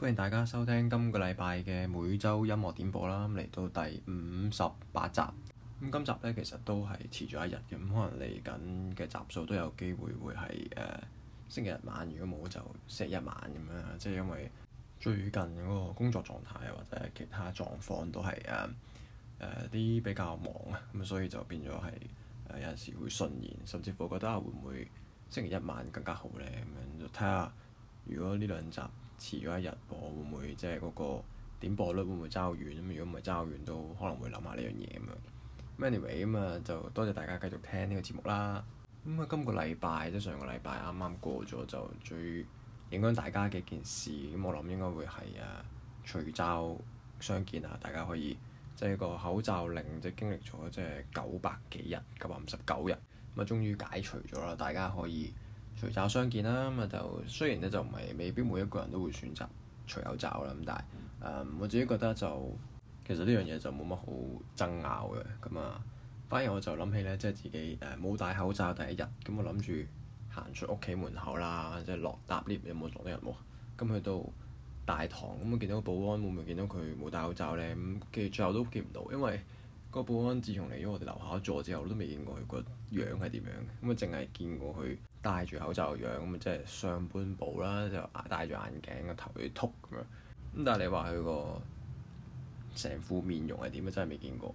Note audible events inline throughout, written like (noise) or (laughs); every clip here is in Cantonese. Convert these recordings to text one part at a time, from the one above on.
歡迎大家收聽今個禮拜嘅每周音樂點播啦，嚟到第五十八集。咁今集呢其實都係遲咗一日嘅，咁可能嚟緊嘅集數都有機會會係誒、呃、星期日晚，如果冇就 set 一晚咁樣，即係因為最近嗰個工作狀態或者其他狀況都係誒誒啲比較忙啊，咁所以就變咗係誒有陣時會順延，甚至乎覺得、啊、會唔會星期一晚更加好呢？咁樣，就睇下如果呢兩集。遲咗一日播會唔會即係嗰個點播率會唔會爭好遠咁？如果唔係爭好遠，都可能會諗下呢樣嘢咁樣。Anyway，咁啊就多謝大家繼續聽呢個節目啦。咁、嗯、啊今個禮拜即上個禮拜啱啱過咗，就最影響大家嘅件事，咁、嗯、我諗應該會係啊除罩相見啊，大家可以即係個口罩令即係經歷咗即係九百幾日、九百五十九日，咁啊終於解除咗啦，大家可以。就是除罩相見啦，咁啊就雖然咧就唔係未必每一個人都會選擇除口罩啦，咁但係誒、嗯嗯、我自己覺得就其實呢樣嘢就冇乜好爭拗嘅。咁啊反而我就諗起咧，即係自己誒冇、呃、戴口罩第一日，咁我諗住行出屋企門口啦，即係落搭 lift 有冇撞到人喎？咁、嗯、去到大堂咁啊，嗯、我見到個保安會唔會見到佢冇戴口罩咧，咁跟住最後都見唔到，因為個保安自從嚟咗我哋樓下一座之後都未見過佢樣係點樣咁啊，淨係見過佢戴住口罩嘅樣，咁啊，即係上半部啦，就戴住眼鏡個頭去凸咁樣。咁但係你話佢個成副面容係點啊？真係未見過。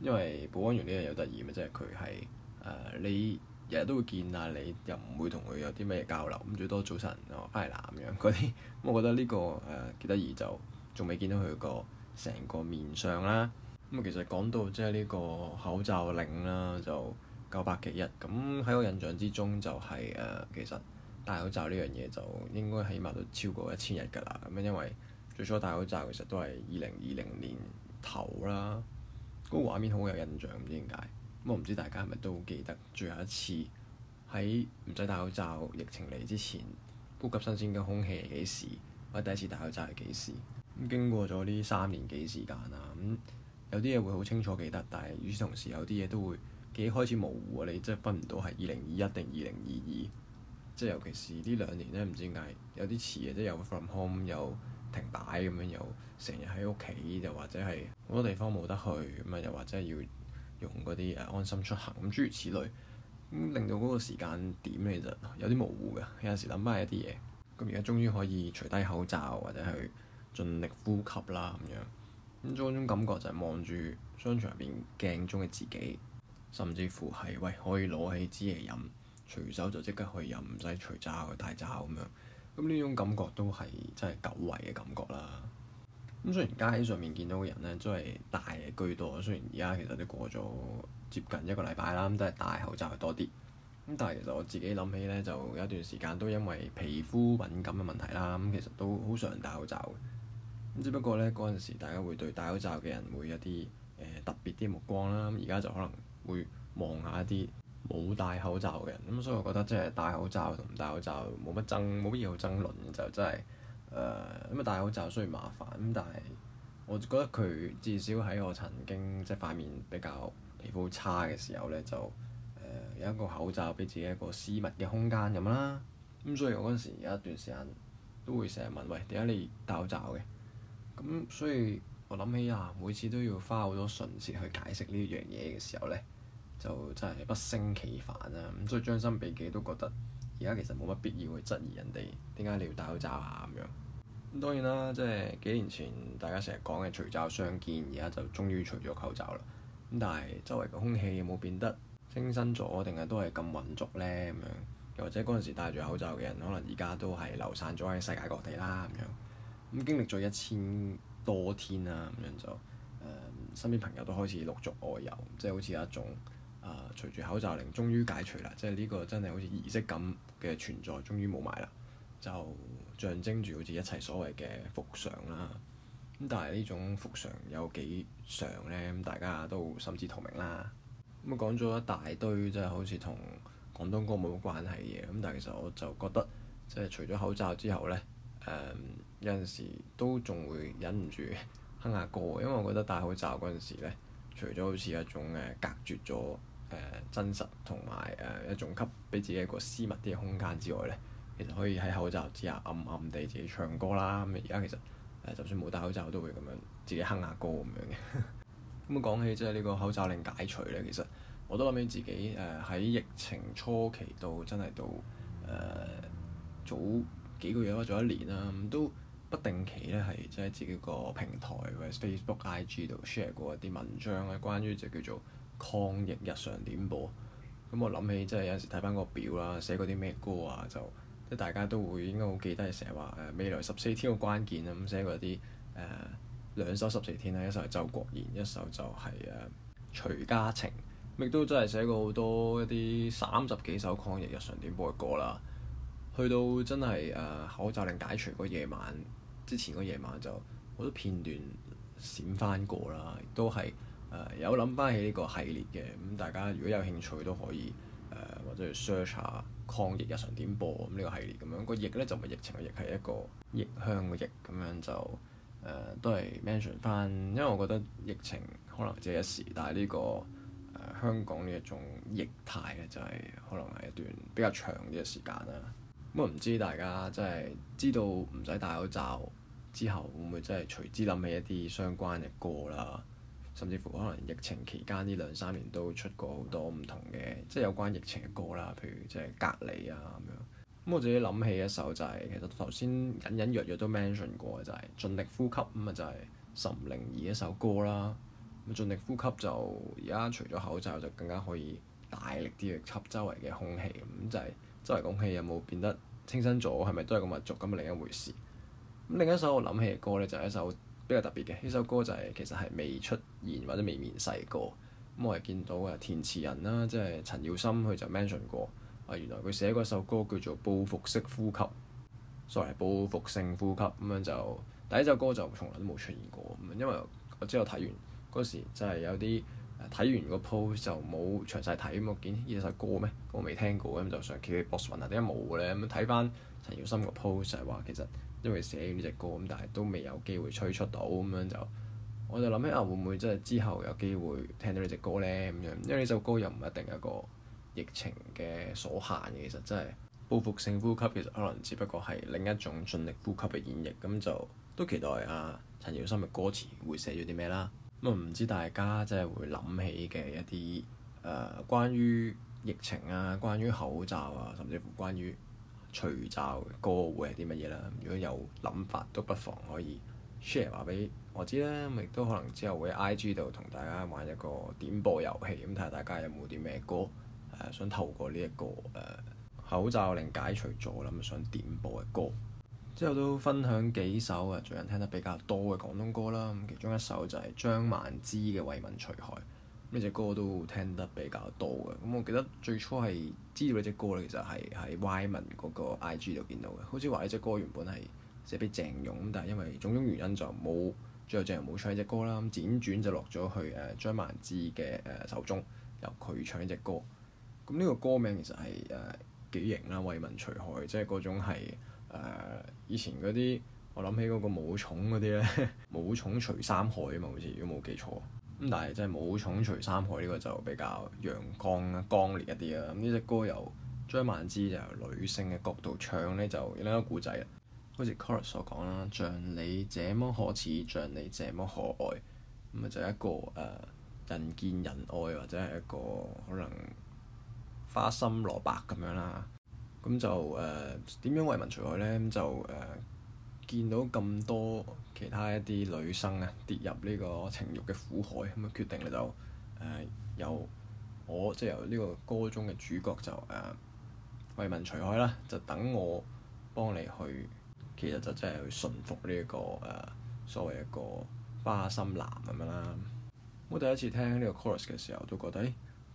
因為保安員呢樣有得意啊，即係佢係誒你日日都會見啊，你又唔會同佢有啲咩交流，咁最多早晨哦挨南咁嗰啲。咁、 (laughs) 嗯、我覺得呢、呢個誒幾得意，就仲未見到佢個成個面相啦。咁、嗯、啊，其實講到即係呢個口罩令啦、啊，就～九百幾日咁喺我印象之中就係、是、誒、呃，其實戴口罩呢樣嘢就應該起碼都超過一千日㗎啦。咁因為最初戴口罩其實都係二零二零年頭啦，嗰、那個畫面好有印象，唔知點解。咁我唔知大家係咪都好記得最後一次喺唔使戴口罩疫情嚟之前呼吸新鮮嘅空氣係幾時，或者第一次戴口罩係幾時。咁經過咗呢三年幾時間啦，咁有啲嘢會好清楚記得，但係與此同時有啲嘢都會，幾開始模糊啊！你真係分唔到係二零二一定二零二二，即係尤其是呢兩年咧，唔知點解有啲遲嘅，即係有 from home，有停擺咁樣，又成日喺屋企，又或者係好多地方冇得去，咁啊又或者係要用嗰啲誒安心出行，咁諸如此類，令到嗰個時間點咧，就有啲模糊嘅，有陣時諗翻一啲嘢，咁而家終於可以除低口罩或者係盡力呼吸啦咁樣，咁仲有一種感覺就係望住商場入邊鏡中嘅自己。甚至乎係喂，可以攞起支嚟飲，隨手就即刻可以飲，唔使除罩戴罩咁樣。咁呢種感覺都係真係久違嘅感覺啦。咁雖然街上面見到嘅人咧都係戴嘅居多，雖然而家其實都過咗接近一個禮拜啦，都係戴口罩多啲。咁但係其實我自己諗起咧，就有一段時間都因為皮膚敏感嘅問題啦，咁其實都好常戴口罩嘅。咁只不過咧嗰陣時，大家會對戴口罩嘅人會有一啲誒、呃、特別啲目光啦。而家就可能～會望下一啲冇戴口罩嘅人，咁、嗯、所以我覺得即係戴口罩同唔戴口罩冇乜爭，冇乜嘢好爭論就真係誒、呃，因為戴口罩雖然麻煩，咁但係我覺得佢至少喺我曾經即係塊面比較皮膚差嘅時候咧，就誒、呃、有一個口罩俾自己一個私密嘅空間咁啦。咁、嗯、所以我嗰陣時有一段時間都會成日問喂，點解你戴口罩嘅？咁所以我諗起啊，每次都要花好多唇舌去解釋呢樣嘢嘅時候咧。就真係不勝其煩啦、啊，咁所以將心比己都覺得而家其實冇乜必要去質疑人哋點解你要戴口罩啊咁樣。咁當然啦，即係幾年前大家成日講嘅除罩相見，而家就終於除咗口罩啦。咁但係周圍嘅空氣有冇變得清新咗定係都係咁渾濁呢？咁樣又或者嗰陣時戴住口罩嘅人，可能而家都係流散咗喺世界各地啦。咁樣咁經歷咗一千多天啦，咁樣就誒、嗯、身邊朋友都開始陸續外遊，即係好似有一種。啊！隨住口罩令終於解除啦，即係呢個真係好似儀式咁嘅存在，終於冇埋啦，就象徵住好似一切所謂嘅復常啦。咁但係呢種復常有幾常呢？咁大家都心知肚明啦。咁講咗一大堆，即係好似同廣東歌冇關係嘅嘢。咁但係其實我就覺得，即係除咗口罩之後呢，嗯、有陣時都仲會忍唔住哼下歌，因為我覺得戴口罩嗰陣時呢，除咗好似一種誒隔絕咗。誒、呃、真實同埋誒一種給俾自己一個私密啲嘅空間之外咧，其實可以喺口罩之下暗暗地自己唱歌啦。咁而家其實誒、呃、就算冇戴口罩都會咁樣自己哼下歌咁樣嘅。咁 (laughs) 講起即係呢個口罩令解除咧，其實我都諗起自己誒喺、呃、疫情初期到真係到誒、呃、早幾個月或者早一年啦、啊，都不定期咧係即係自己個平台或者 Facebook、IG 度 share 過一啲文章咧，關於就叫做抗疫日常點播，咁我諗起真係、就是、有陣時睇翻個表啦，寫嗰啲咩歌啊，就即大家都會應該好記得係成日話誒未來十四天嘅關鍵啦，咁寫嗰啲誒兩首十四天啦，一首係周國賢，一首就係、是、誒、呃、徐嘉晴，亦都真係寫過好多一啲三十幾首抗疫日常點播嘅歌啦。去到真係誒、呃、口罩令解除個夜晚之前個夜晚就好多片段閃翻過啦，亦都係。誒、呃、有諗翻起呢個系列嘅咁，大家如果有興趣都可以誒、呃，或者去 search 下抗逆日常點播咁呢個系列咁樣、個逆咧就唔係疫情嘅疫，係一個逆向嘅逆咁樣就誒、呃、都係 mention 翻，因為我覺得疫情可能只係一時，但係呢、這個誒、呃、香港呢一種逆態咧就係、是、可能係一段比較長啲嘅時間啦。咁我唔知大家即係知道唔使戴口罩之後會唔會真係隨之諗起一啲相關嘅歌啦？甚至乎可能疫情期間呢兩三年都出過好多唔同嘅，即係有關疫情嘅歌啦，譬如即係隔離啊咁樣。咁我自己諗起一首就係、是、其實頭先隱隱約約都 mention 過嘅，就係《盡力呼吸》咁啊就係岑寧兒一首歌啦。咁《盡力呼吸》就而、是、家除咗口罩就更加可以大力啲去吸周圍嘅空氣，咁就係、是、周圍空氣有冇變得清新咗，係咪都係咁密集咁嘅另一回事。咁另一首我諗起嘅歌咧就係一首。比較特別嘅呢首歌就係、是、其實係未出現或者未面世過。咁、嗯、我係見到啊填詞人啦，即係陳耀森佢就 mention 過。啊原來佢寫嗰首歌叫做報復式呼吸，所謂 Sorry, 報復性呼吸咁樣、嗯、就第一首歌就從來都冇出現過。咁、嗯、因為我之後睇完嗰時就係有啲睇、啊、完個 post 就冇詳細睇，咁、嗯、我見呢首歌咩、嗯、我未聽過咁、嗯、就上 KKBOX 揾下點解冇嘅咧。咁睇翻陳耀森個 post 就係話其實。因為寫完呢隻歌咁，但係都未有機會吹出到咁樣就，我就諗起啊，會唔會即係之後有機會聽到呢隻歌呢？咁樣？因為呢首歌又唔一定一個疫情嘅所限嘅，其實真係報復性呼吸，其實可能只不過係另一種盡力呼吸嘅演繹。咁就都期待啊，陳耀心嘅歌詞會寫咗啲咩啦。咁、嗯、啊，唔知大家即係會諗起嘅一啲誒、呃，關於疫情啊，關於口罩啊，甚至乎關於。除罩歌會係啲乜嘢啦？如果有諗法，都不妨可以 share 話俾我知啦。咁亦都可能之後會喺 IG 度同大家玩一個點播遊戲，咁睇下大家有冇啲咩歌想透過呢、這、一個誒、呃、口罩令解除咗啦，咁想點播嘅歌。之後都分享幾首啊，最近聽得比較多嘅廣東歌啦。咁其中一首就係、是、張曼之嘅《為民除害》。呢隻歌都聽得比較多嘅。咁我記得最初係知道呢隻歌咧，其實係喺 Wyman 嗰個 IG 度見到嘅。好似話呢隻歌原本係寫俾鄭融，咁但係因為種種原因就冇，最後鄭融冇唱呢隻歌啦，咁輾轉就落咗去誒張蔓姿嘅誒手中，由佢唱呢隻歌。咁呢個歌名其實係誒幾型啦，為民除害，即係嗰種係誒以前嗰啲，我諗起嗰個武松嗰啲咧，武松除三害啊嘛，好似如果冇記錯。咁但係真係冇重除三害呢、呢個就比較陽光啦、剛烈一啲啦。咁呢隻歌由張蔓姿，就由女性嘅角度唱咧，就有一個故仔好似 Cora 所講啦，像你這麼可恥，像你這麼可愛，咁咪就係一個誒、呃、人見人愛或者係一個可能花心蘿蔔咁樣啦。咁就誒點、呃、樣為民除害咧？咁就誒。呃見到咁多其他一啲女生啊，跌入呢個情慾嘅苦海，咁啊決定你就誒、呃、由我即係、就是、由呢個歌中嘅主角就誒、呃、為民除害啦，就等我幫你去，其實就真係去馴服呢、這、一個誒、呃、所謂一個花心男咁樣啦。我第一次聽呢個 chorus 嘅時候，都覺得即係、欸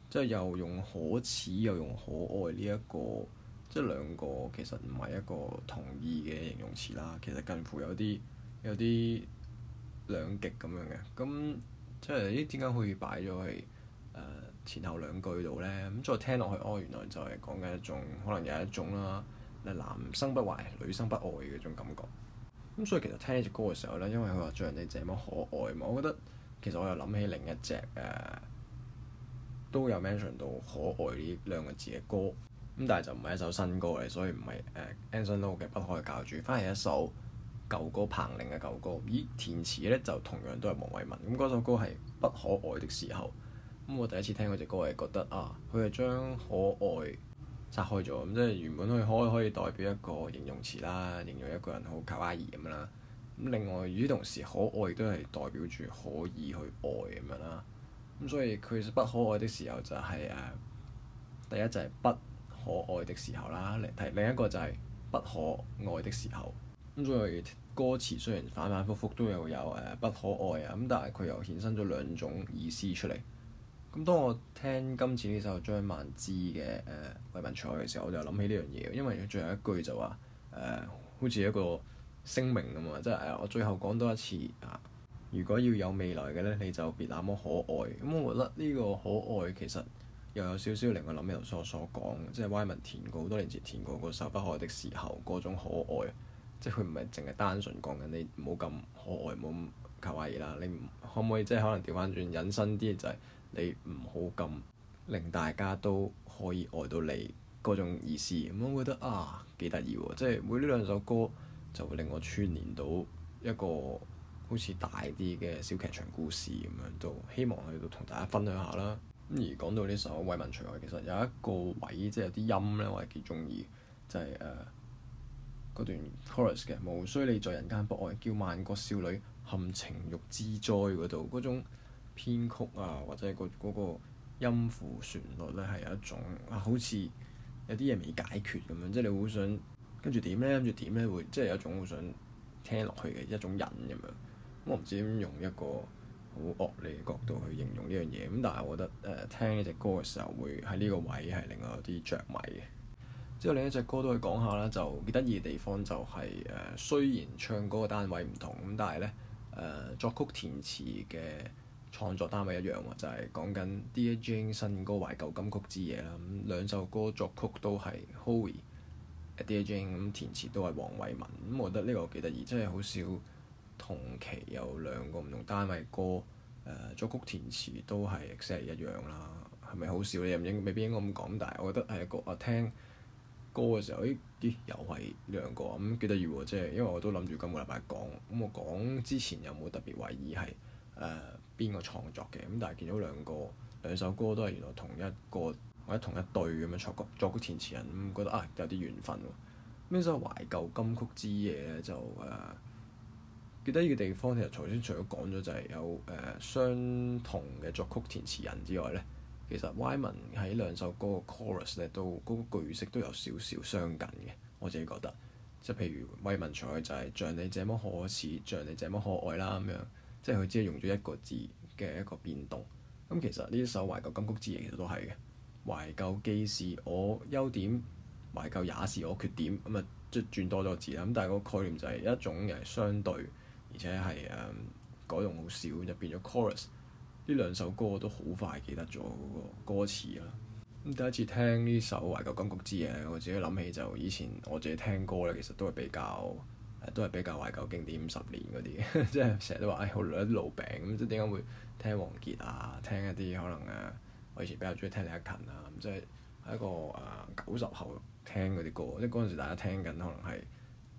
就是、又用可恥又用可愛呢、這、一個。即係兩個其實唔係一個同意嘅形容詞啦，其實近乎有啲有啲兩極咁樣嘅。咁即係咦，點解可以擺咗喺誒前後兩句度咧？咁再聽落去，哦，原來就係講緊一種可能有一種啦，係男生不壞女生不愛嘅嗰種感覺。咁所以其實聽呢隻歌嘅時候咧，因為佢話著人哋這麼可愛嘛，我覺得其實我又諗起另一隻誒、啊、都有 mention 到可愛呢兩個字嘅歌。咁但係就唔係一首新歌嚟，所以唔係誒 Anson Lo 嘅《不可愛教主》。翻嚟一首舊歌，彭羚嘅舊歌。咦，填詞咧就同樣都係黃偉文。咁嗰首歌係《不可愛的時候》。咁我第一次聽嗰隻歌係覺得啊，佢係將可愛拆開咗。咁即係原本佢可可以代表一個形容詞啦，形容一個人好卡哇伊咁啦。咁另外與此同時可愛都係代表住可以去愛咁樣啦。咁所以佢不可愛的時候就係、是、誒、啊、第一就係不可愛的時候啦嚟睇，另一個就係不可愛的時候。咁作為歌詞，雖然反反覆覆都有有誒、呃、不可愛啊，咁但係佢又衍生咗兩種意思出嚟。咁、嗯、當我聽今次呢首張蔓姿嘅《誒、呃、為民除害》嘅時候，我就諗起呢樣嘢，因為最後一句就話誒、呃，好似一個聲明咁啊，即係、呃、我最後講多一次啊，如果要有未來嘅咧，你就別那麼可愛。咁、嗯、我覺得呢個可愛其實～又有少少令我諗起頭所所講，即係 Wyman 填過好多年前填過嗰首《不可愛的時候》，嗰種可愛，即係佢唔係淨係單純講緊你唔好咁可愛冇咁卡哇伊啦，你唔可唔可以即係可能調翻轉隱身啲就係你唔好咁令大家都可以愛到你嗰種意思？咁我覺得啊幾得意喎，即係每呢兩首歌就會令我串連到一個好似大啲嘅小劇場故事咁樣度，都希望去到同大家分享下啦。咁而講到呢首《為民除害》，其實有一個位即係有啲音咧，我係幾中意，就係誒嗰段 chorus 嘅，無需你在人間博愛，叫萬國少女含情欲之災嗰度，嗰種編曲啊，或者、嗰個嗰、嗰個音符旋律咧，係有一種啊，好似有啲嘢未解決咁樣，即係你好想跟住點咧，跟住點咧，會即係有一種好想聽落去嘅一種癮咁樣。咁我唔知點用一個好惡劣嘅角度去形容呢樣嘢，咁但係我覺得誒、呃、聽呢隻歌嘅時候會喺呢個位係另外有啲着迷嘅。之後另一隻歌都係講下啦，就幾得意嘅地方就係、是、誒、呃、雖然唱歌嘅單位唔同，咁但係咧誒作曲填詞嘅創作單位一樣喎，就係、是、講緊 Dear Jane 新歌懷舊金曲之夜啦。咁兩首歌作曲都係 Howie at Dear Jane 咁填詞都係黃偉文，咁、嗯、我覺得呢個幾得意，真係好少。同期有兩個唔同單位歌，誒、呃、作曲填詞都係 exactly 一樣啦，係咪好少？你又唔應未必應該咁講，但係我覺得係一個啊聽歌嘅時候，咦、哎、啲、哎、又係兩個咁幾得意喎，即、嗯、係因為我都諗住今個禮拜講，咁、嗯、我講之前有冇特別懷疑係誒邊個創作嘅？咁、嗯、但係見到兩個兩首歌都係原來同一個或者同一對咁樣作曲作曲填詞人，咁、嗯、覺得啊有啲緣分喎。咁、嗯、所以懷舊金曲之夜咧就誒。呃幾得意嘅地方，其實頭先除咗講咗就係有誒、呃、相同嘅作曲填詞人之外咧，其實 Wyman 喺兩首歌嘅 chorus 咧都嗰、那個句式都有少少相近嘅。我自己覺得即係譬如 Wyman 唱嘅就係、是、像你這麼可恥，像你這麼可愛啦咁樣，即係佢只係用咗一個字嘅一個變動。咁其實呢一首懷舊金曲之夜其實都係嘅懷舊既是我優點，懷舊也是我缺點咁啊，即係轉多咗字啦。咁但係個概念就係一種嘅相對。而且係誒、嗯、改動好少，就變咗 chorus 呢兩首歌我都好快記得咗嗰個歌詞啦。咁第一次聽呢首懷舊金曲之夜，我自己諗起就以前我自己聽歌咧，其實都係比較誒、啊，都係比較懷舊經典五十年嗰啲嘅， (laughs) 即係成日都話唉，好老啲老餅咁，即係點解會聽王傑啊，聽一啲可能誒、啊、我以前比較中意聽李克勤啊，即係一個誒九十後聽嗰啲歌，即係嗰陣時大家聽緊可能係。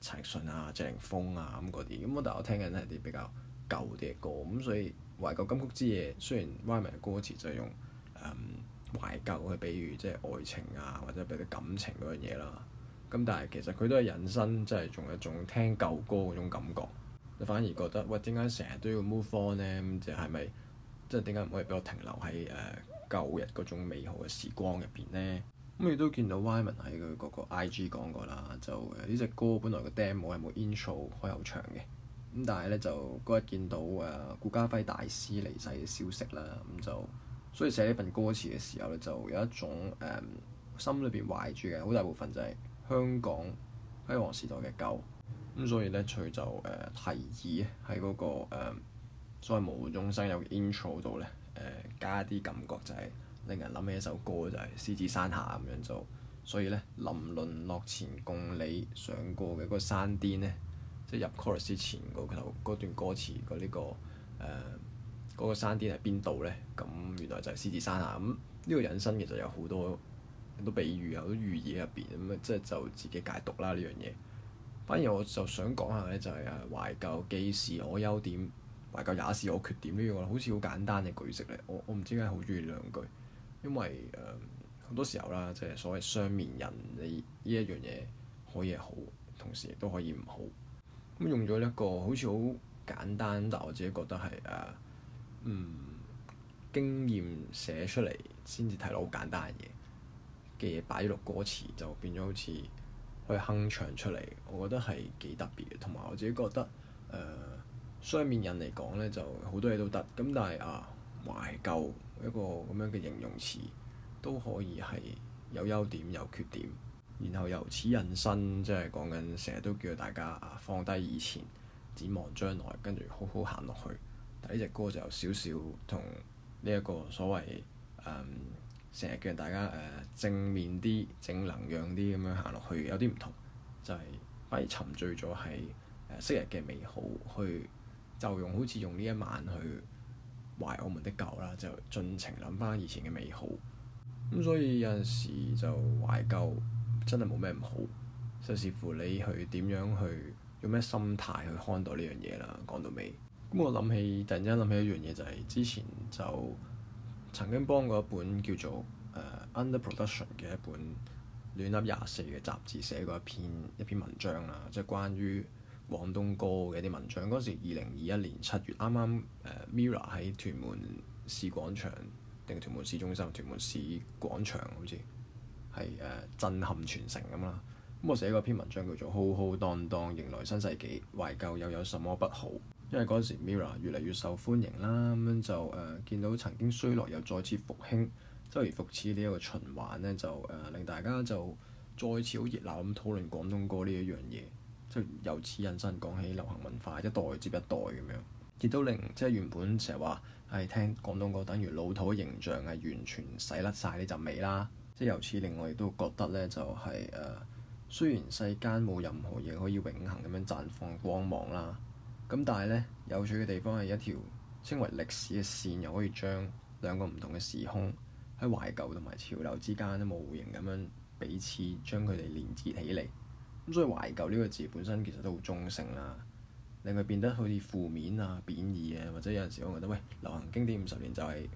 陳奕迅啊、謝霆鋒啊咁嗰啲，咁我但係我聽緊係啲比較舊啲嘅歌，咁所以《懷舊金曲之夜》雖然 Wyman 嘅歌詞就係用誒、嗯、懷舊去比喻，即係愛情啊，或者比喻感情嗰樣嘢啦。咁但係其實佢都係人生，即係仲有一種聽舊歌嗰種感覺。你反而覺得，喂，點解成日都要 move on 呢？即係咪即係點解唔可以俾我停留喺誒、呃、舊日嗰種美好嘅時光入邊呢？」咁亦、嗯、都見到 Wyman 喺佢嗰個 IG 講過啦，就呢隻、呃、歌本來個 demo 係冇 intro 開好長嘅，咁、嗯、但係咧就嗰日見到誒顧、呃、嘉輝大師離世嘅消息啦，咁、嗯、就所以寫呢份歌詞嘅時候咧，就有一種誒、呃、心裏邊懷住嘅，好大部分就係香港輝煌時代嘅舊，咁、嗯、所以咧佢就誒、呃、提議喺嗰、那個、呃、所謂無中生有嘅 intro 度咧誒、呃、加啲感覺就係、是。令人諗起一首歌就係、是《獅子山下》咁樣就，所以咧臨淪落前共你上過嘅嗰個山巔咧，即係入 chorus 前嗰、那個、段歌詞、這個呢個誒嗰個山巔係邊度咧？咁原來就係獅子山下咁呢個人生其實有好多好多比喻啊，好多寓意喺入邊咁啊，即係就，就自己解讀啦呢樣嘢。反而我就想講下咧、就是，就係啊懷舊既是我優點，懷舊也是我缺點呢、這、樣、個、好似好簡單嘅句式咧。我我唔知點解好鍾意呢兩句。因為誒好、呃、多時候啦，即係所謂雙面人，你呢一樣嘢可以好，同時亦都可以唔好。咁、嗯、用咗一個好似好簡單，但我自己覺得係誒、呃、嗯經驗寫出嚟先至睇到好簡單嘅嘢嘅嘢擺落歌詞，就變咗好似可以哼唱出嚟。我覺得係幾特別嘅，同埋我自己覺得誒、呃、雙面人嚟講咧，就好多嘢都得。咁但係啊～、呃懷舊一個咁樣嘅形容詞都可以係有優點有缺點，然後由此引申，即係講緊成日都叫大家放低以前，展望將來，跟住好好行落去。但呢隻歌就有少少同呢一個所謂成日叫大家誒、呃、正面啲、正能量啲咁樣行落去有啲唔同，就係、係、反而沉醉咗喺誒昔日嘅美好，去就用好似用呢一晚去。懷我們的舊啦，就盡情諗翻以前嘅美好。咁所以有陣時就懷舊真係冇咩唔好，就視乎你去點樣去用咩心態去看待呢樣嘢啦。講到尾，咁我諗起突然之間諗起一樣嘢，就係、是、之前就曾經幫過一本叫做《uh, Under Production》嘅一本《亂粒廿四》嘅雜誌寫過一篇一篇文章啦，即係關於，廣東歌嘅啲文章，嗰時二零二一年七月啱啱 Mira 喺屯門市廣場定屯門市中心、屯門市廣場，好似係誒震撼全城咁啦。咁我寫個篇文章叫做《浩浩蕩蕩迎來新世紀》，懷舊又有什麼不好？因為嗰時 Mira 越嚟越受歡迎啦，咁樣就誒、呃、見到曾經衰落又再次復興，周而復始呢一個循環呢，就誒、呃、令大家就再次好熱鬧咁討論廣東歌呢一樣嘢。由此引申講起流行文化，一代接一代咁樣，亦都令即係原本成日話係聽廣東歌，等於老土形象係完全洗甩晒呢陣味啦。即係由此令我亦都覺得咧，就係、是、誒、呃，雖然世間冇任何嘢可以永恆咁樣綻放光芒啦，咁但係咧有趣嘅地方係一條稱為歷史嘅線，又可以將兩個唔同嘅時空喺懷舊同埋潮流之間無形咁樣彼此將佢哋連接起嚟。咁所以懷舊呢個字本身其實都好中性啦，令佢變得好似負面啊、貶義啊，或者有陣時我覺得喂流行經典五十年就係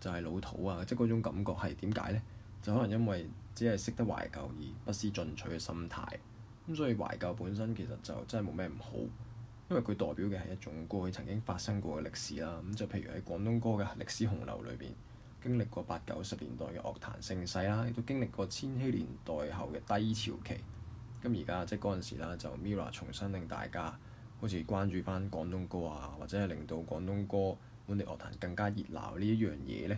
就係老土啊，即係嗰種感覺係點解呢？就可能因為只係識得懷舊而不思進取嘅心態。咁所以懷舊本身其實就真係冇咩唔好，因為佢代表嘅係一種過去曾經發生過嘅歷史啦。咁就譬如喺廣東歌嘅歷史洪流裏邊，經歷過八九十年代嘅樂壇盛世啦，亦都經歷過千禧年代後嘅低潮期。咁而家即係嗰陣時啦，就 Mira 重新令大家好似關注翻廣東歌啊，或者係令到廣東歌本地樂壇更加熱鬧呢一樣嘢呢，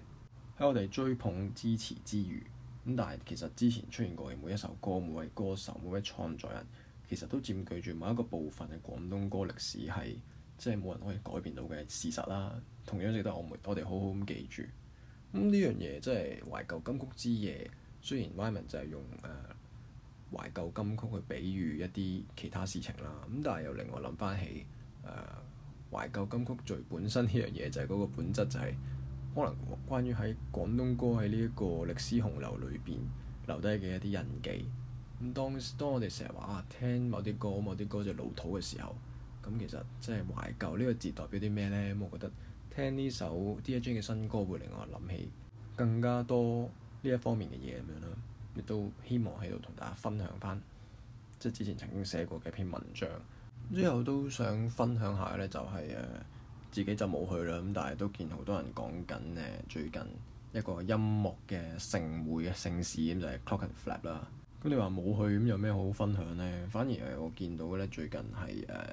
喺我哋追捧支持之餘，咁但係其實之前出現過嘅每一首歌、每位歌手、每位創作人，其實都佔據住某一個部分嘅廣東歌歷史，係即係冇人可以改變到嘅事實啦。同樣值得我哋，我哋好好咁記住。咁呢樣嘢真係懷舊金曲之夜，雖然 Wyman 就係用誒、呃懷舊金曲去比喻一啲其他事情啦，咁但係又令我諗翻起誒、呃、懷舊金曲最本身呢樣嘢，就係嗰個本質就係、是、可能關於喺廣東歌喺呢一個歷史洪流裏邊留低嘅一啲印記。咁當當我哋成日話啊聽某啲歌、某啲歌就老土嘅時候，咁其實即係懷舊呢個字代表啲咩呢？咁我覺得聽呢首 DJ 嘅新歌會令我諗起更加多呢一方面嘅嘢咁樣啦。亦都希望喺度同大家分享翻，即係之前曾經寫過嘅篇文章。之後都想分享下呢、就是，就係誒自己就冇去啦。咁但係都見好多人講緊誒最近一個音樂嘅盛會嘅盛事，咁就係、是、Clockenflap 啦。咁你話冇去，咁有咩好分享呢？反而係我見到呢，最近係誒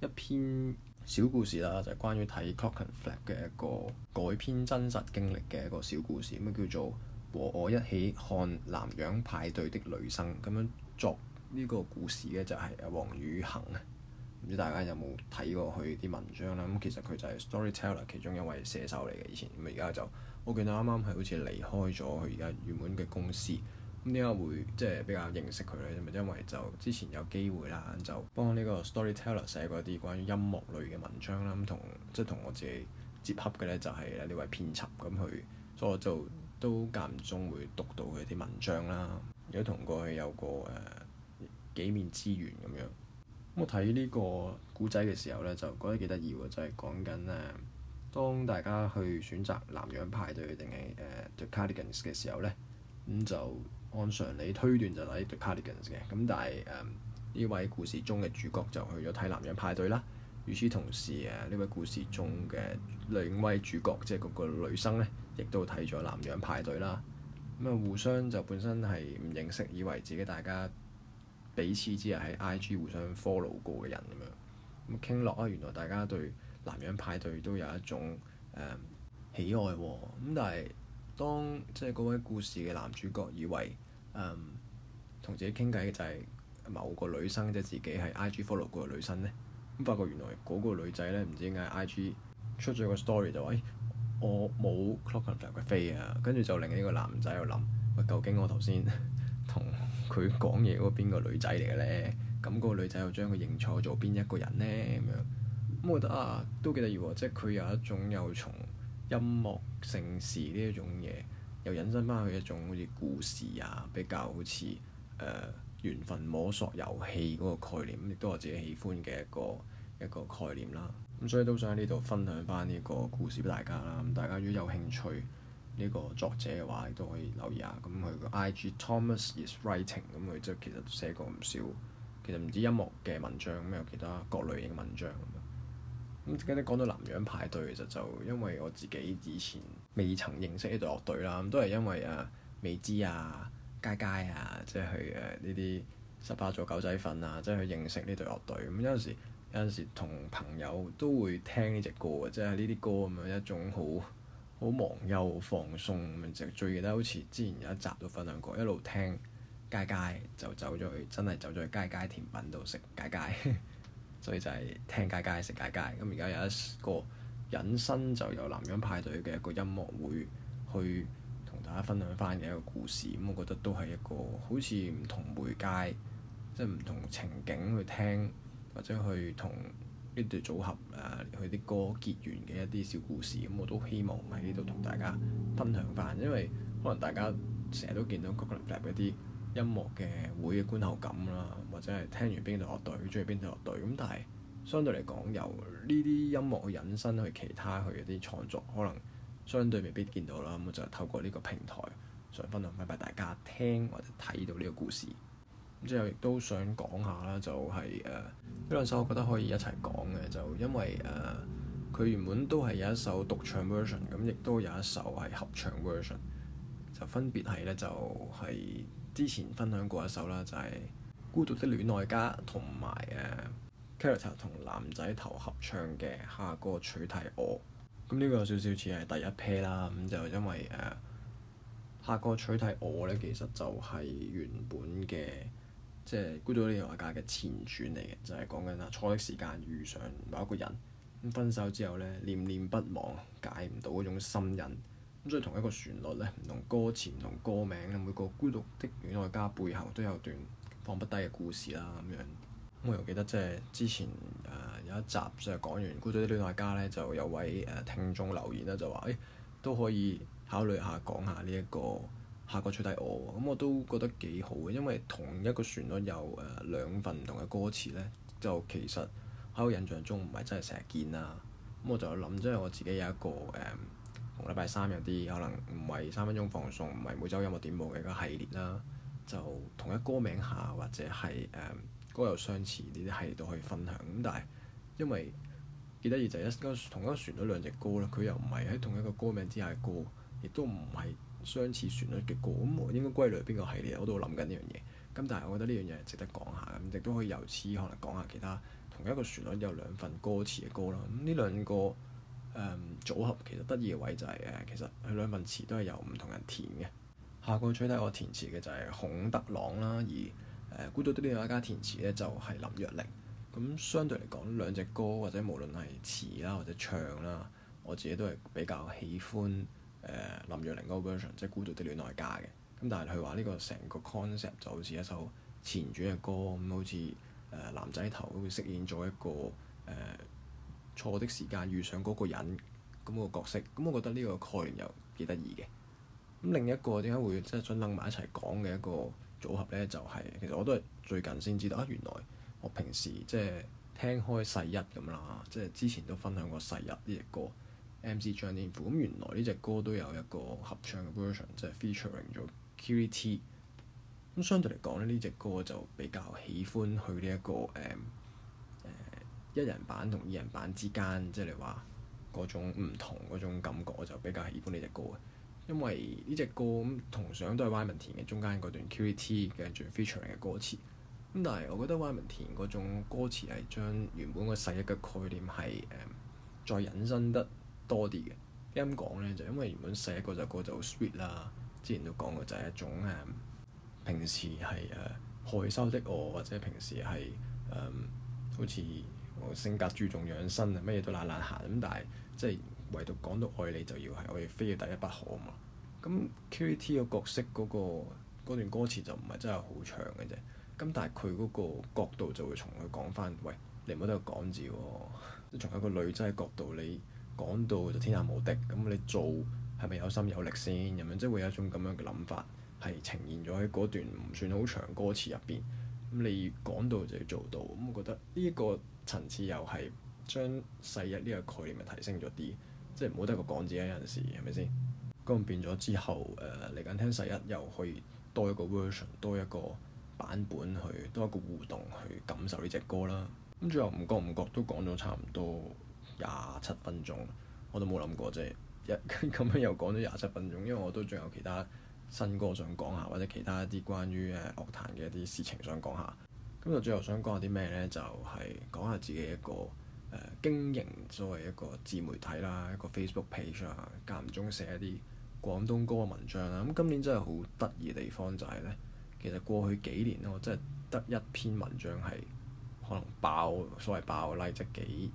一篇小故事啦，就係、是、關於睇 Clockenflap 嘅一個改編真實經歷嘅一個小故事，咁叫做，和我一起看南洋派對的女生，咁樣作呢個故事咧，就係阿黃宇恒啊。唔知大家有冇睇過佢啲文章啦？咁其實佢就係 storyteller 其中一位寫手嚟嘅。以前咁，而家就我見到啱啱係好似離開咗佢而家原本嘅公司。咁點解會即係比較認識佢咧？咪因為就之前有機會啦，就幫呢個 storyteller 寫過一啲關於音樂類嘅文章啦。咁同即係同我自己接洽嘅呢，就係呢位編輯，咁佢，所以我就。都間唔中會讀到佢啲文章啦，如果同過去有個誒幾面之緣咁樣。我睇呢個古仔嘅時候咧，就覺得幾得意喎，就係講緊誒，當大家去選擇南洋派對定係誒 The Cardigans 嘅時候咧，咁就按常理推斷就係 The Cardigans 嘅。咁但係誒呢位故事中嘅主角就去咗睇南洋派對啦。與此同時誒，呢、呃、位故事中嘅兩位主角即係嗰個女生咧。亦都睇咗南洋派對啦，咁啊互相就本身係唔認識，以為自己大家彼此只係喺 IG 互相 follow 過嘅人咁樣，咁傾落啊，原來大家對南洋派對都有一種誒、嗯、喜愛喎、哦，咁但係當即係嗰位故事嘅男主角以為誒同、嗯、自己傾偈嘅就係某個女生，即係自己喺 IG follow 過嘅女生呢。咁發覺原來嗰個女仔呢，唔知點解 IG 出咗個 story 就話誒。我冇 Clockenflap 嘅飛啊，跟住就令呢個男仔又諗：喂，究竟我頭先同佢講嘢嗰個邊個女仔嚟嘅咧？咁嗰個女仔又將佢認錯咗邊一個人咧？咁樣咁我覺得啊，都幾得意喎！即係佢有一種又從音樂盛事呢一種嘢，又引申翻去一種好似故事啊，比較好似誒、呃、緣分摸索遊戲嗰個概念，亦都係我自己喜歡嘅一個一個概念啦。咁所以都想喺呢度分享翻呢個故事俾大家啦。咁大家如果有興趣呢個作者嘅話，亦都可以留意下。咁佢個 I G Thomas is writing，咁佢即係其實寫過唔少，其實唔止音樂嘅文章，咁有其他各類型嘅文章。咁而家講到南洋派對，其實就因為我自己以前未曾認識呢隊樂隊啦，咁都係因為啊未知啊街街啊，即係誒呢啲十八座狗仔粉啊，即係去認識呢隊樂隊。咁有時。有陣時同朋友都會聽呢隻歌嘅，即係呢啲歌咁樣一種好好忘憂放鬆。其實最記得好似之前有一集都分享過，一路聽街街就走咗去，真係走咗去街街甜品度食街街。 (laughs) 所以就係聽街街食街街。咁而家有一個隱身就由南洋派對嘅一個音樂會，去同大家分享翻嘅一個故事。咁我覺得都係一個好似唔同媒介，即係唔同情景去聽。或者去同呢隊組合誒，佢啲歌結緣嘅一啲小故事，咁我都希望喺呢度同大家分享翻，因為可能大家成日都見到嗰個 Clockenflap 嗰啲音樂嘅會嘅觀後感啦，或者係聽完邊度樂隊中意邊度樂隊，咁但係相對嚟講由呢啲音樂去引申去其他去啲創作，可能相對未必見到啦。咁就透過呢個平台想分享，翻俾大家聽或者睇到呢個故事。之後，亦都想講下啦，就係誒呢兩首，我覺得可以一齊講嘅。就因為誒，佢、啊、原本都係有一首獨唱 version，咁亦都有一首係合唱 version。就分別係咧，就係之前分享過一首啦，就係、是《孤獨的戀愛家》同埋誒 Kerryta 同男仔頭合唱嘅《下個取替我》。咁呢個少少似係第一 pair 啦。咁就因為誒、啊《下個取替我》咧，其實就係原本嘅。即係《孤獨的戀愛家》嘅前傳嚟嘅，就係、是、講緊啊錯的時間遇上某一個人，咁分手之後呢，念念不忘，解唔到嗰種心癮。咁所以同一個旋律呢，唔同歌詞唔同歌名，每個《孤獨的戀愛家》背後都有段放不低嘅故事啦咁樣。咁我又記得即係之前誒、呃、有一集就講完《孤獨的戀愛家》呢，就有位誒聽眾留言咧就話誒、欸、都可以考慮下講下呢、這、一個。下個取代我喎，咁我都覺得幾好嘅，因為同一個旋律有誒、呃、兩份唔同嘅歌詞咧，就其實喺我印象中唔係真係成日見啦。咁我就諗，即、就、係、是、我自己有一個誒，同禮拜三有啲可能唔係三分鐘放送，唔係每週音樂點播嘅一個系列啦，就同一歌名下或者係誒、呃、歌有相似呢啲系列都可以分享。咁但係因為幾得意就一同一個旋律兩隻歌啦，佢又唔係喺同一個歌名之下嘅歌，亦都唔係。相似旋律嘅歌，咁我應該歸類邊個系列？我都諗緊呢樣嘢。咁但係我覺得呢樣嘢值得講下，咁亦都可以由此可能講下其他同一個旋律有兩份歌詞嘅歌啦。咁、嗯、呢兩個誒、嗯、組合其實得意嘅位就係、是、誒，其實佢兩份詞都係由唔同人填嘅。下個取底我填詞嘅就係孔德朗啦，而誒孤獨的戀愛家填詞咧就係林若寧。咁、嗯、相對嚟講，兩隻歌或者無論係詞啦或者唱啦，我自己都係比較喜歡。呃、林若寧、嗰個 version，即係《孤獨的戀愛家》嘅，咁但係佢話呢個成個 concept 就好似一首前傳嘅歌，咁、嗯、好似誒、呃、藍仔頭會飾演咗一個誒、呃、錯的時間遇上嗰個人咁個角色，咁、嗯、我覺得呢個概念又幾得意嘅。咁、嗯、另一個點解會即係想撚埋一齊講嘅一個組合呢？就係、是、其實我都係最近先知道，啊，原來我平時即係聽開世一咁啦，即係之前都分享過世一呢隻歌。M.C. 張天賦咁，原來呢隻歌都有一個合唱嘅 version，即係 featuring 咗 Q.T. 咁相對嚟講咧，呢隻歌就比較喜歡去呢、這、一個誒、嗯嗯、一人版同二人版之間，即係你話嗰種唔同嗰種感覺，我就比較喜歡呢隻歌，因為呢隻歌咁、嗯、同樣都係 Wyman 填嘅，中間嗰段 Q.T. 嘅做 featuring 嘅歌詞咁，但係我覺得 Wyman 填嗰種歌詞係將原本個世一嘅概念係、嗯、再引申得。多啲嘅點講咧，就因為原本寫一個,一個就歌就 sweet 啦。之前都講過，就係一種誒、嗯、平時係誒害羞的我，或者平時係誒、嗯、好似我性格注重養生啊，咩嘢都懶懶下咁。但係即係唯獨講到愛你，就要係我哋非要飛第一不可啊嘛。咁 K、L、T 個角色嗰、那個段歌詞就唔係真係好長嘅啫。咁但係佢嗰個角度就會從佢講翻，喂你唔好都度講字喎、哦，即係從一個女仔嘅角度你。講到就天下無敵，咁你做係咪有心有力先咁樣，即係會有一種咁樣嘅諗法，係呈現咗喺嗰段唔算好長歌詞入邊。咁你講到就要做到，咁我覺得呢個層次又係將《世一》呢個概念咪提升咗啲，即係冇得個講字啊，有陣時係咪先？咁變咗之後，誒嚟緊聽《世一》又可以多一個 version，多一個版本去，多一個互動去感受呢隻歌啦。咁最後唔覺唔覺都講咗差唔多。廿七分鐘，我都冇諗過啫。一 (laughs) 咁樣又講咗廿七分鐘，因為我都仲有其他新歌想講下，或者其他一啲關於誒樂壇嘅一啲事情想講下。咁就最後想講下啲咩呢？就係、是、講下自己一個誒、呃、經營所謂一個自媒體啦，一個 Facebook page 啊，間唔中寫一啲廣東歌嘅文章啦、啊。咁今年真係好得意嘅地方就係呢。其實過去幾年我真係得一篇文章係可能爆所謂爆拉、like, 即係幾。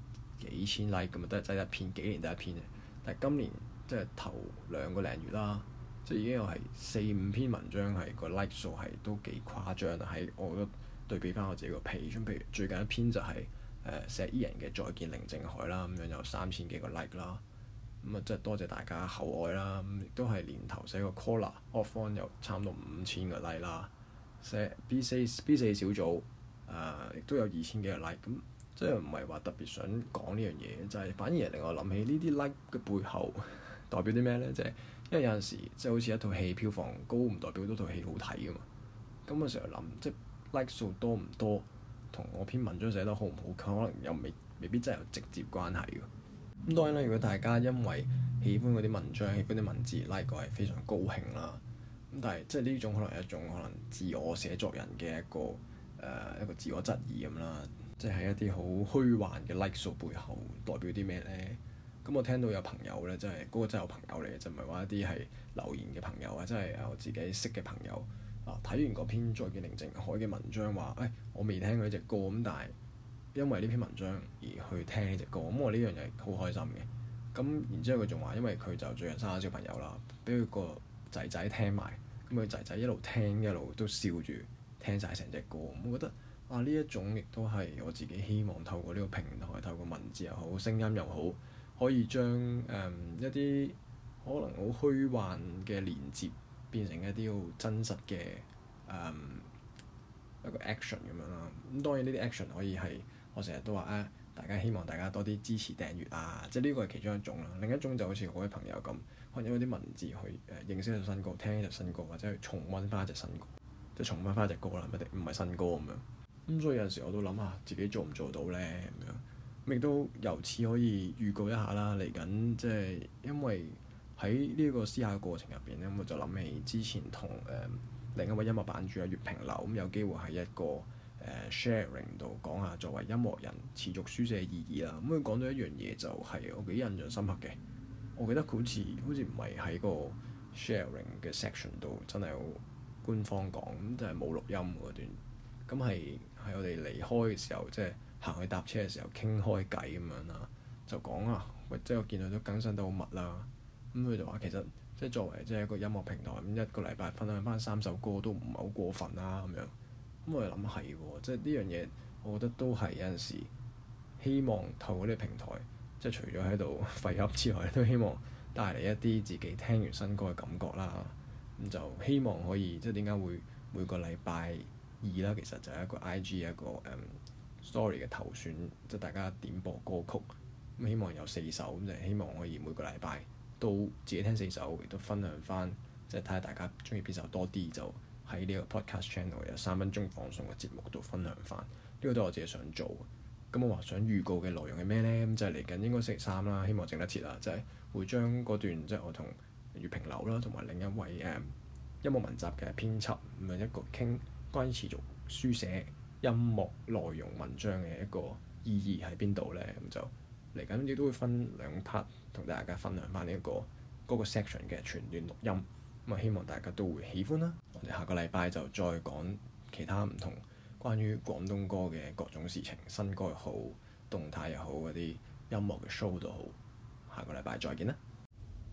幾千 like 咁啊，得即係一篇，幾年得一篇啊。但係今年即係頭兩個零月啦，即係已經有係四五篇文章係個 like 數係都幾誇張啊。喺我覺得對比翻我自己個 page，譬如最近一篇就係誒石伊人嘅《呃 e、再見寧靜海》啦，咁樣有三千幾個 like 啦。咁啊，即係多謝大家厚愛啦。咁亦都係年頭寫個 Collar off o 差唔多五千個 like 啦。寫 B 四 B 四小組誒亦、呃、都有二千幾個 like 咁。即係唔係話特別想講呢樣嘢，就係、是、反而令我諗起呢啲 like 嘅背後 (laughs) 代表啲咩呢？即係因為有陣時即係、就是、好似一套戲票房高，唔代表嗰套戲好睇㗎嘛。咁我成日諗，即、就、係、是、like 數多唔多同我篇文章寫得好唔好，可能又未未必真係有直接關係嘅。咁當然啦，如果大家因為喜歡嗰啲文章、喜歡啲文字 like 過，係非常高興啦。咁但係即係呢種可能係一種可能自我寫作人嘅一個誒、呃、一個自我質疑咁啦。即係一啲好虛幻嘅 like 數背後代表啲咩咧？咁、嗯、我聽到有朋友咧，即係嗰個真係朋友嚟嘅，就唔係話一啲係留言嘅朋友啊，即係誒我自己識嘅朋友啊。睇完嗰篇《再見寧靜海》嘅文章，話、欸、誒我未聽過呢隻歌咁，但係因為呢篇文章而去聽呢隻歌，咁、嗯、我呢樣嘢好開心嘅。咁、嗯、然之後佢仲話，因為佢就最近生咗小朋友啦，俾佢個仔仔聽埋，咁佢仔仔一路聽一路都笑住聽晒成隻歌、嗯，我覺得。啊！呢一種亦都係我自己希望透過呢個平台，透過文字又好、聲音又好，可以將誒、嗯、一啲可能好虛幻嘅連結變成一啲好真實嘅誒、嗯、一個 action 咁樣啦。咁當然呢啲 action 可以係我成日都話啊，大家希望大家多啲支持訂閱啊，即係呢個係其中一種啦。另一種就好似我啲朋友咁，可能有啲文字去誒認識到新歌，聽一隻新歌，或者去重溫返一隻新歌，即係重溫返一隻歌啦，唔一定係新歌咁樣。咁所以有陣時我都諗下、啊、自己做唔做到咧咁樣，咁亦都由此可以預告一下啦，嚟緊即係因為喺呢個思考過程入邊咧，我就諗起之前同誒、嗯、另一位音樂版主啊閱評流，咁、嗯、有機會喺一個誒、呃、sharing 度講下作為音樂人持續書寫嘅意義啦，咁、嗯、佢講咗一樣嘢就係、是、我幾印象深刻嘅，我記得佢好似好似唔係喺個 sharing 嘅 section 度真係有官方講，咁即係冇錄音嗰段，咁係。喺我哋離開嘅時候，即係行去搭車嘅時候傾開偈咁樣啦，就講啊，喂，即係我見到都更新得好密啦。咁、啊、佢、嗯、就話其實即係作為即係一個音樂平台，咁一個禮拜分享返三首歌都唔係好過分啦咁、啊、樣。咁、嗯、我就諗係喎，即係呢樣嘢，我覺得都係有陣時希望透過啲平台，即係除咗喺度廢噏之外，都希望帶嚟一啲自己聽完新歌嘅感覺啦。咁、啊嗯、就希望可以即係點解會每個禮拜？二啦，其實就係一個 I.G 一個誒、um, Story 嘅投選，即係大家點播歌曲，咁希望有四首，咁就希望可以每個禮拜都自己聽四首，亦都分享翻，即係睇下大家中意邊首多啲，就喺呢個 Podcast Channel 有三分鐘放送嘅節目度分享翻。呢、這個都係我自己想做。咁我話想預告嘅內容係咩呢？咁就係嚟緊應該星期三啦，希望整得切啊，即係會將嗰段即係我同閱評流啦，同埋另一位誒、um, 音樂文集嘅編輯咁樣一個傾。關於持續書寫音樂內容文章嘅一個意義喺邊度呢？咁就嚟緊，你都會分兩 part 同大家分享翻呢一個嗰個 section 嘅全段錄音咁啊，希望大家都會喜歡啦。我哋下個禮拜就再講其他唔同關於廣東歌嘅各種事情，新歌又好，動態又好，嗰啲音樂嘅 show 都好。下個禮拜再見啦！